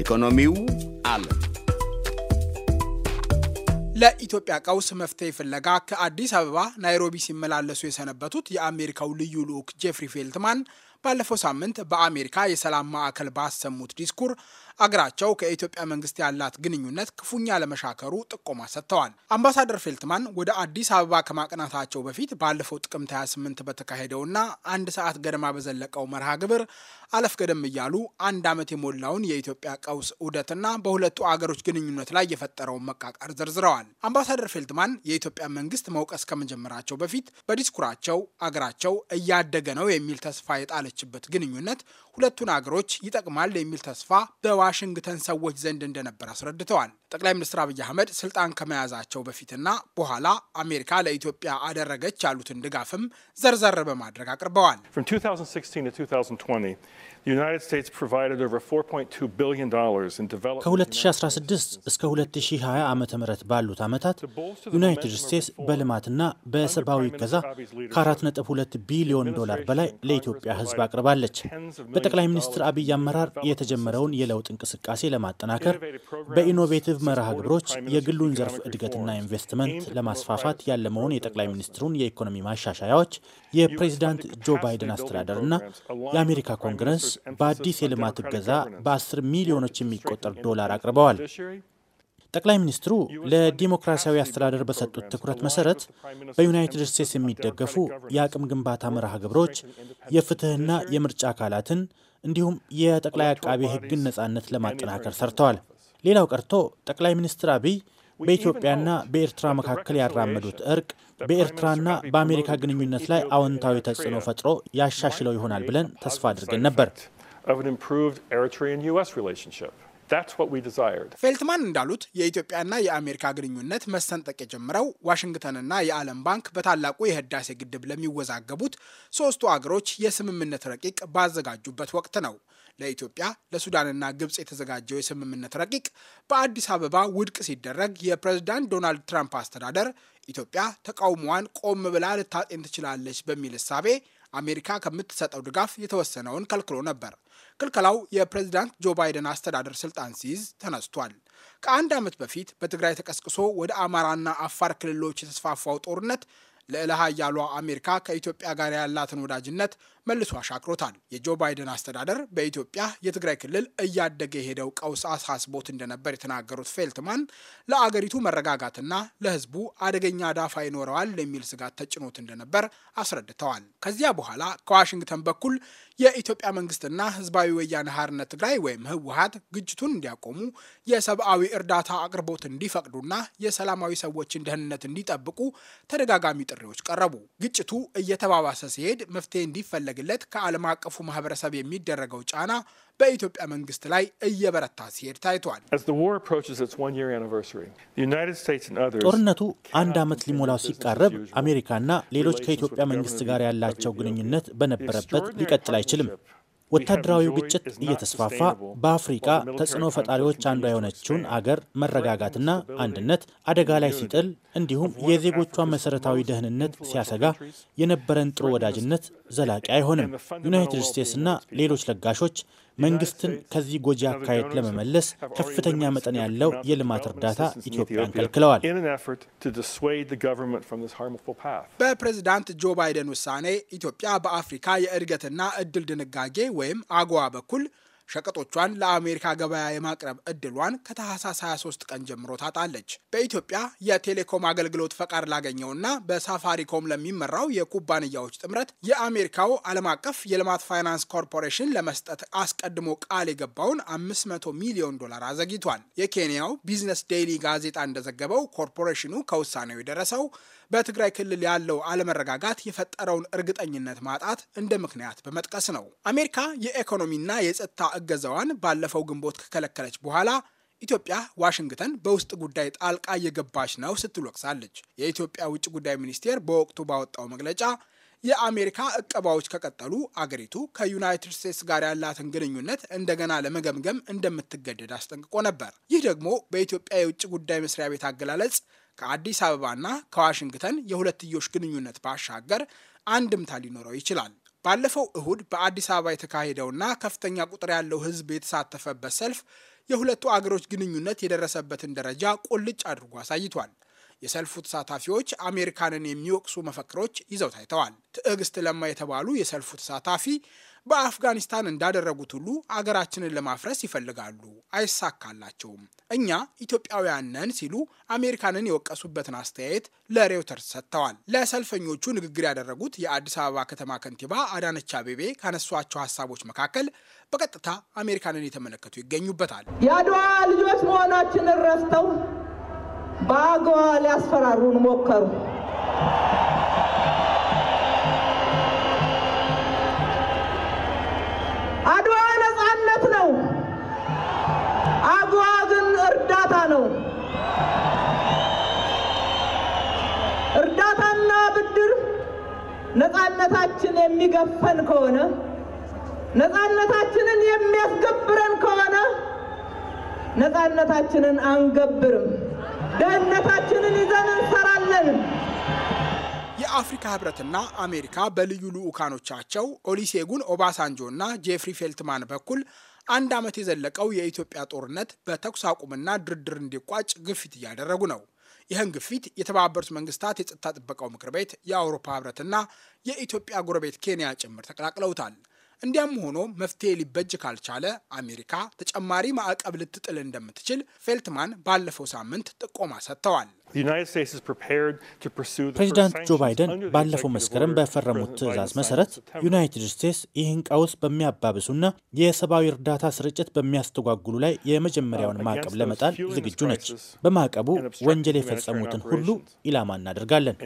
ኢኮኖሚው አለ። ለኢትዮጵያ ቀውስ መፍትሄ ፍለጋ ከአዲስ አበባ ናይሮቢ ሲመላለሱ የሰነበቱት የአሜሪካው ልዩ ልዑክ ጄፍሪ ፌልትማን ባለፈው ሳምንት በአሜሪካ የሰላም ማዕከል ባሰሙት ዲስኩር አገራቸው ከኢትዮጵያ መንግስት ያላት ግንኙነት ክፉኛ ለመሻከሩ ጥቆማ ሰጥተዋል። አምባሳደር ፌልትማን ወደ አዲስ አበባ ከማቅናታቸው በፊት ባለፈው ጥቅምት 28 በተካሄደውና አንድ ሰዓት ገደማ በዘለቀው መርሃ ግብር አለፍ ገደም እያሉ አንድ ዓመት የሞላውን የኢትዮጵያ ቀውስ ውደትና በሁለቱ አገሮች ግንኙነት ላይ የፈጠረውን መቃቃር ዘርዝረዋል። አምባሳደር ፌልትማን የኢትዮጵያ መንግስት መውቀስ ከመጀመራቸው በፊት በዲስኩራቸው አገራቸው እያደገ ነው የሚል ተስፋ የጣለችበት ግንኙነት ሁለቱን አገሮች ይጠቅማል የሚል ተስፋ በዋ በዋሽንግተን ሰዎች ዘንድ እንደነበር አስረድተዋል። ጠቅላይ ሚኒስትር አብይ አህመድ ስልጣን ከመያዛቸው በፊትና በኋላ አሜሪካ ለኢትዮጵያ አደረገች ያሉትን ድጋፍም ዘርዘር በማድረግ አቅርበዋል። ከ2016 እስከ 2020 ዓ ም ባሉት ዓመታት ዩናይትድ ስቴትስ በልማትና በሰብአዊ እገዛ ከ4.2 ቢሊዮን ዶላር በላይ ለኢትዮጵያ ሕዝብ አቅርባለች። በጠቅላይ ሚኒስትር አብይ አመራር የተጀመረውን የለውጥ እንቅስቃሴ ለማጠናከር በኢኖቬቲቭ የግድብ መርሃ ግብሮች የግሉን ዘርፍ እድገትና ኢንቨስትመንት ለማስፋፋት ያለመሆን የጠቅላይ ሚኒስትሩን የኢኮኖሚ ማሻሻያዎች የፕሬዚዳንት ጆ ባይደን አስተዳደር እና የአሜሪካ ኮንግረስ በአዲስ የልማት እገዛ በአስር ሚሊዮኖች የሚቆጠር ዶላር አቅርበዋል። ጠቅላይ ሚኒስትሩ ለዲሞክራሲያዊ አስተዳደር በሰጡት ትኩረት መሰረት በዩናይትድ ስቴትስ የሚደገፉ የአቅም ግንባታ መርሃ ግብሮች የፍትህና የምርጫ አካላትን እንዲሁም የጠቅላይ አቃቤ ሕግን ነጻነት ለማጠናከር ሰርተዋል። ሌላው ቀርቶ ጠቅላይ ሚኒስትር አብይ በኢትዮጵያና በኤርትራ መካከል ያራመዱት እርቅ በኤርትራና በአሜሪካ ግንኙነት ላይ አዎንታዊ ተጽዕኖ ፈጥሮ ያሻሽለው ይሆናል ብለን ተስፋ አድርገን ነበር። ፌልትማን እንዳሉት የኢትዮጵያና የአሜሪካ ግንኙነት መሰንጠቅ የጀመረው ዋሽንግተንና የዓለም ባንክ በታላቁ የህዳሴ ግድብ ለሚወዛገቡት ሶስቱ አገሮች የስምምነት ረቂቅ ባዘጋጁበት ወቅት ነው። ለኢትዮጵያ ለሱዳንና ግብፅ የተዘጋጀው የስምምነት ረቂቅ በአዲስ አበባ ውድቅ ሲደረግ የፕሬዝዳንት ዶናልድ ትራምፕ አስተዳደር ኢትዮጵያ ተቃውሞዋን ቆም ብላ ልታጤን ትችላለች በሚል እሳቤ አሜሪካ ከምትሰጠው ድጋፍ የተወሰነውን ከልክሎ ነበር። ክልከላው የፕሬዚዳንት ጆ ባይደን አስተዳደር ስልጣን ሲይዝ ተነስቷል። ከአንድ ዓመት በፊት በትግራይ ተቀስቅሶ ወደ አማራና አፋር ክልሎች የተስፋፋው ጦርነት ልዕለ ኃያሏ አሜሪካ ከኢትዮጵያ ጋር ያላትን ወዳጅነት መልሶ አሻቅሮታል። የጆ ባይደን አስተዳደር በኢትዮጵያ የትግራይ ክልል እያደገ የሄደው ቀውስ አሳስቦት እንደነበር የተናገሩት ፌልትማን ለአገሪቱ መረጋጋትና ለሕዝቡ አደገኛ ዳፋ ይኖረዋል የሚል ስጋት ተጭኖት እንደነበር አስረድተዋል። ከዚያ በኋላ ከዋሽንግተን በኩል የኢትዮጵያ መንግስትና ህዝባዊ ወያነ ሓርነት ትግራይ ወይም ህወሀት ግጭቱን እንዲያቆሙ የሰብአዊ እርዳታ አቅርቦት እንዲፈቅዱና የሰላማዊ ሰዎችን ደህንነት እንዲጠብቁ ተደጋጋሚ ጥሪዎች ቀረቡ። ግጭቱ እየተባባሰ ሲሄድ መፍትሄ እንዲፈለግ እንዲፈለግለት ከዓለም አቀፉ ማህበረሰብ የሚደረገው ጫና በኢትዮጵያ መንግስት ላይ እየበረታ ሲሄድ ታይቷል። ጦርነቱ አንድ ዓመት ሊሞላው ሲቃረብ አሜሪካና ሌሎች ከኢትዮጵያ መንግስት ጋር ያላቸው ግንኙነት በነበረበት ሊቀጥል አይችልም። ወታደራዊው ግጭት እየተስፋፋ በአፍሪቃ ተጽዕኖ ፈጣሪዎች አንዷ የሆነችውን አገር መረጋጋትና አንድነት አደጋ ላይ ሲጥል እንዲሁም የዜጎቿ መሰረታዊ ደህንነት ሲያሰጋ የነበረን ጥሩ ወዳጅነት ዘላቂ አይሆንም። ዩናይትድ ስቴትስና ሌሎች ለጋሾች መንግስትን ከዚህ ጎጂ አካሄድ ለመመለስ ከፍተኛ መጠን ያለው የልማት እርዳታ ኢትዮጵያን ከልክለዋል። በፕሬዝዳንት ጆ ባይደን ውሳኔ ኢትዮጵያ በአፍሪካ የእድገትና እድል ድንጋጌ ወይም አጎዋ በኩል ሸቀጦቿን ለአሜሪካ ገበያ የማቅረብ እድሏን ከታህሳስ 23 ቀን ጀምሮ ታጣለች። በኢትዮጵያ የቴሌኮም አገልግሎት ፈቃድ ላገኘውና በሳፋሪኮም ለሚመራው የኩባንያዎች ጥምረት የአሜሪካው ዓለም አቀፍ የልማት ፋይናንስ ኮርፖሬሽን ለመስጠት አስቀድሞ ቃል የገባውን 500 ሚሊዮን ዶላር አዘግይቷል። የኬንያው ቢዝነስ ዴይሊ ጋዜጣ እንደዘገበው ኮርፖሬሽኑ ከውሳኔው የደረሰው በትግራይ ክልል ያለው አለመረጋጋት የፈጠረውን እርግጠኝነት ማጣት እንደ ምክንያት በመጥቀስ ነው። አሜሪካ የኢኮኖሚና የጸጥታ እገዛዋን ባለፈው ግንቦት ከከለከለች በኋላ ኢትዮጵያ ዋሽንግተን በውስጥ ጉዳይ ጣልቃ እየገባች ነው ስትል ወቅሳለች። የኢትዮጵያ ውጭ ጉዳይ ሚኒስቴር በወቅቱ ባወጣው መግለጫ የአሜሪካ እቀባዎች ከቀጠሉ አገሪቱ ከዩናይትድ ስቴትስ ጋር ያላትን ግንኙነት እንደገና ለመገምገም እንደምትገደድ አስጠንቅቆ ነበር። ይህ ደግሞ በኢትዮጵያ የውጭ ጉዳይ መስሪያ ቤት አገላለጽ ከአዲስ አበባና ከዋሽንግተን የሁለትዮሽ ግንኙነት ባሻገር አንድምታ ሊኖረው ይችላል። ባለፈው እሁድ በአዲስ አበባ የተካሄደውና ከፍተኛ ቁጥር ያለው ሕዝብ የተሳተፈበት ሰልፍ የሁለቱ አገሮች ግንኙነት የደረሰበትን ደረጃ ቁልጭ አድርጎ አሳይቷል። የሰልፉ ተሳታፊዎች አሜሪካንን የሚወቅሱ መፈክሮች ይዘው ታይተዋል። ትዕግስት ለማ የተባሉ የሰልፉ ተሳታፊ በአፍጋኒስታን እንዳደረጉት ሁሉ አገራችንን ለማፍረስ ይፈልጋሉ፣ አይሳካላቸውም። እኛ ኢትዮጵያውያን ነን ሲሉ አሜሪካንን የወቀሱበትን አስተያየት ለሬውተርስ ሰጥተዋል። ለሰልፈኞቹ ንግግር ያደረጉት የአዲስ አበባ ከተማ ከንቲባ አዳነች አቤቤ ካነሷቸው ሀሳቦች መካከል በቀጥታ አሜሪካንን የተመለከቱ ይገኙበታል። የአድዋ ልጆች መሆናችንን ረስተው በአገዋ ሊያስፈራሩን ሞከሩ። ነው። እርዳታና ብድር ነፃነታችን የሚገፈን ከሆነ ነፃነታችንን የሚያስገብረን ከሆነ ነፃነታችንን አንገብርም፣ ደህንነታችንን ይዘን እንሰራለን። የአፍሪካ ህብረትና አሜሪካ በልዩ ልዑካኖቻቸው ኦሊሴጉን ኦባሳንጆ እና ጄፍሪ ፌልትማን በኩል አንድ ዓመት የዘለቀው የኢትዮጵያ ጦርነት በተኩስ አቁምና ድርድር እንዲቋጭ ግፊት እያደረጉ ነው። ይህን ግፊት የተባበሩት መንግስታት የጸጥታ ጥበቃው ምክር ቤት፣ የአውሮፓ ህብረትና የኢትዮጵያ ጎረቤት ኬንያ ጭምር ተቀላቅለውታል። እንዲያም ሆኖ መፍትሄ ሊበጅ ካልቻለ አሜሪካ ተጨማሪ ማዕቀብ ልትጥል እንደምትችል ፌልትማን ባለፈው ሳምንት ጥቆማ ሰጥተዋል። ፕሬዚዳንት ጆ ባይደን ባለፈው መስከረም በፈረሙት ትዕዛዝ መሰረት ዩናይትድ ስቴትስ ይህን ቀውስ በሚያባብሱና የሰብአዊ እርዳታ ስርጭት በሚያስተጓጉሉ ላይ የመጀመሪያውን uh, ማዕቀብ ለመጣል ዝግጁ ነች። በማዕቀቡ ወንጀል የፈጸሙትን ሁሉ ኢላማ እናደርጋለን።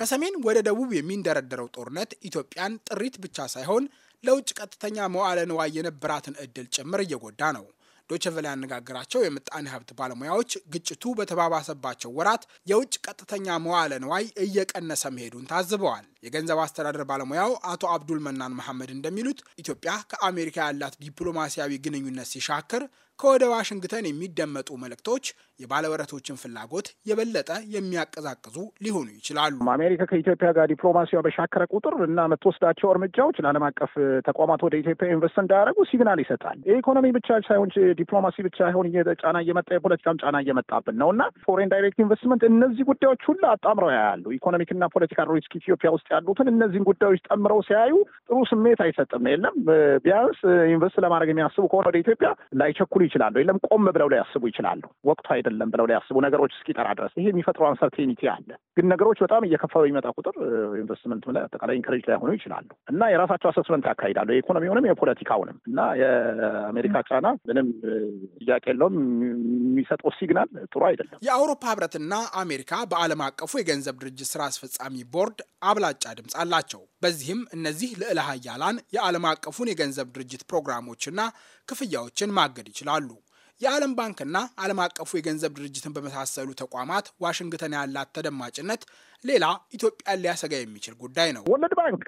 ከሰሜን ወደ ደቡብ የሚንደረደረው ጦርነት ኢትዮጵያን ጥሪት ብቻ ሳይሆን ለውጭ ቀጥተኛ መዋለ ንዋይ የነበራትን እድል ጭምር እየጎዳ ነው። ዶቸቨለ ያነጋገራቸው የምጣኔ ሀብት ባለሙያዎች ግጭቱ በተባባሰባቸው ወራት የውጭ ቀጥተኛ መዋለ ንዋይ እየቀነሰ መሄዱን ታዝበዋል። የገንዘብ አስተዳደር ባለሙያው አቶ አብዱል መናን መሐመድ እንደሚሉት ኢትዮጵያ ከአሜሪካ ያላት ዲፕሎማሲያዊ ግንኙነት ሲሻክር ከወደ ዋሽንግተን የሚደመጡ መልእክቶች የባለወረቶችን ፍላጎት የበለጠ የሚያቀዛቅዙ ሊሆኑ ይችላሉ። አሜሪካ ከኢትዮጵያ ጋር ዲፕሎማሲዋ በሻከረ ቁጥር እና የምትወስዳቸው እርምጃዎች ለዓለም አቀፍ ተቋማት ወደ ኢትዮጵያ ኢንቨስት እንዳያደርጉ ሲግናል ይሰጣል። የኢኮኖሚ ብቻ ሳይሆን ዲፕሎማሲ ብቻ ሳይሆን ጫና እየመጣ የፖለቲካም ጫና እየመጣብን ነው እና ፎሬን ዳይሬክት ኢንቨስትመንት እነዚህ ጉዳዮች ሁሉ አጣምረው ያያሉ። ኢኮኖሚክና ፖለቲካል ሪስክ ኢትዮጵያ ውስጥ ያሉትን እነዚህን ጉዳዮች ጠምረው ሲያዩ ጥሩ ስሜት አይሰጥም። የለም ቢያንስ ኢንቨስት ለማድረግ የሚያስቡ ከሆነ ወደ ኢትዮጵያ ላይቸኩል ይችላሉ። የለም ቆም ብለው ሊያስቡ ይችላሉ። ወቅቱ አይደለም ብለው ሊያስቡ ነገሮች እስኪጠራ ድረስ ይሄ የሚፈጥረው አንሰርቴኒቲ አለ። ግን ነገሮች በጣም እየከፋ በሚመጣ ቁጥር ኢንቨስትመንት ላይ አጠቃላይ ኢንከሬጅ ላይሆኑ ይችላሉ እና የራሳቸው አሰስመንት ያካሂዳሉ የኢኮኖሚውንም የፖለቲካውንም እና የአሜሪካ ጫና ምንም ጥያቄ የለውም። የሚሰጠው ሲግናል ጥሩ አይደለም። የአውሮፓ ህብረትና አሜሪካ በዓለም አቀፉ የገንዘብ ድርጅት ስራ አስፈጻሚ ቦርድ አብላጫ ድምፅ አላቸው። በዚህም እነዚህ ልዕለ ሀያላን የዓለም አቀፉን የገንዘብ ድርጅት ፕሮግራሞችና ክፍያዎችን ማገድ ይችላሉ። የዓለም ባንክና ዓለም አቀፉ የገንዘብ ድርጅትን በመሳሰሉ ተቋማት ዋሽንግተን ያላት ተደማጭነት ሌላ ኢትዮጵያን ሊያሰጋ የሚችል ጉዳይ ነው። ወለድ ባንክ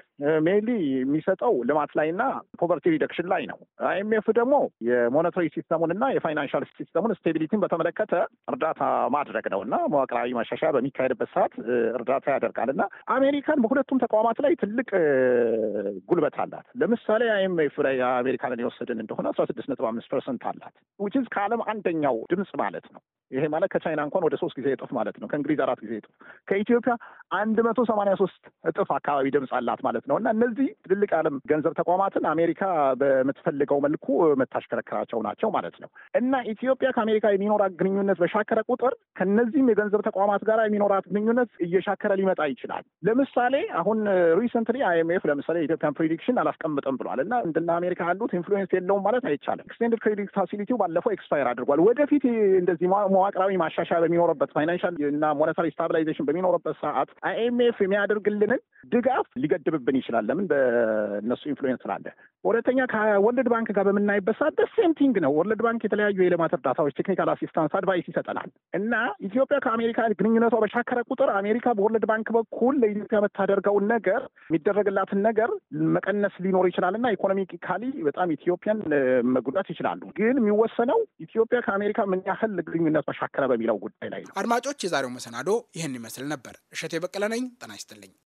ሜንሊ የሚሰጠው ልማት ላይ ላይና ፖቨርቲ ሪደክሽን ላይ ነው። አይኤምኤፍ ደግሞ የሞኔታሪ ሲስተሙን እና የፋይናንሻል ሲስተሙን ስቴቢሊቲን በተመለከተ እርዳታ ማድረግ ነው እና መዋቅራዊ ማሻሻያ በሚካሄድበት ሰዓት እርዳታ ያደርጋል እና አሜሪካን በሁለቱም ተቋማት ላይ ትልቅ ጉልበት አላት። ለምሳሌ አይኤምኤፍ ላይ አሜሪካንን የወሰድን እንደሆነ አስራ ስድስት ነጥብ አምስት ፐርሰንት አላት ዊችዝ ከዓለም አንደኛው ድምፅ ማለት ነው። ይሄ ማለት ከቻይና እንኳን ወደ ሶስት ጊዜ እጥፍ ማለት ነው። ከእንግሊዝ አራት ጊዜ እጥፍ፣ ከኢትዮጵያ አንድ መቶ ሰማንያ ሶስት እጥፍ አካባቢ ድምፅ አላት ማለት ማለት ነው እና እነዚህ ትልልቅ ዓለም ገንዘብ ተቋማትን አሜሪካ በምትፈልገው መልኩ የምታሽከረክራቸው ናቸው ማለት ነው እና ኢትዮጵያ ከአሜሪካ የሚኖራት ግንኙነት በሻከረ ቁጥር ከነዚህም የገንዘብ ተቋማት ጋር የሚኖራት ግንኙነት እየሻከረ ሊመጣ ይችላል። ለምሳሌ አሁን ሪሰንትሊ አይኤምኤፍ ለምሳሌ የኢትዮጵያን ፕሪዲክሽን አላስቀምጥም ብሏል እና እንደና አሜሪካ ያሉት ኢንፍሉዌንስ የለውም ማለት አይቻልም። ኤክስቴንድድ ክሬዲት ፋሲሊቲው ባለፈው ኤክስፓየር አድርጓል። ወደፊት እንደዚህ መዋቅራዊ ማሻሻያ በሚኖርበት ፋይናንሻል እና ሞኔታሪ ስታቢላይዜሽን በሚኖርበት ሰዓት አይኤምኤፍ የሚያደርግልንን ድጋፍ ሊገድብብን ሊሆን ይችላል። ለምን በእነሱ ኢንፍሉዌንስ ስላለ። ሁለተኛ ከወርልድ ባንክ ጋር በምናይበት ሰዓት ደሴም ቲንግ ነው። ወርልድ ባንክ የተለያዩ የልማት እርዳታዎች፣ ቴክኒካል አሲስታንስ፣ አድቫይስ ይሰጠናል እና ኢትዮጵያ ከአሜሪካ ግንኙነቷ በሻከረ ቁጥር አሜሪካ በወርልድ ባንክ በኩል ለኢትዮጵያ የምታደርገውን ነገር የሚደረግላትን ነገር መቀነስ ሊኖር ይችላል እና ኢኮኖሚካሊ በጣም ኢትዮጵያን መጉዳት ይችላሉ። ግን የሚወሰነው ኢትዮጵያ ከአሜሪካ ምን ያህል ግንኙነት መሻከረ በሚለው ጉዳይ ላይ ነው። አድማጮች፣ የዛሬው መሰናዶ ይህን ይመስል ነበር። እሸቴ በቀለ ነኝ። ጤና ይስጥልኝ።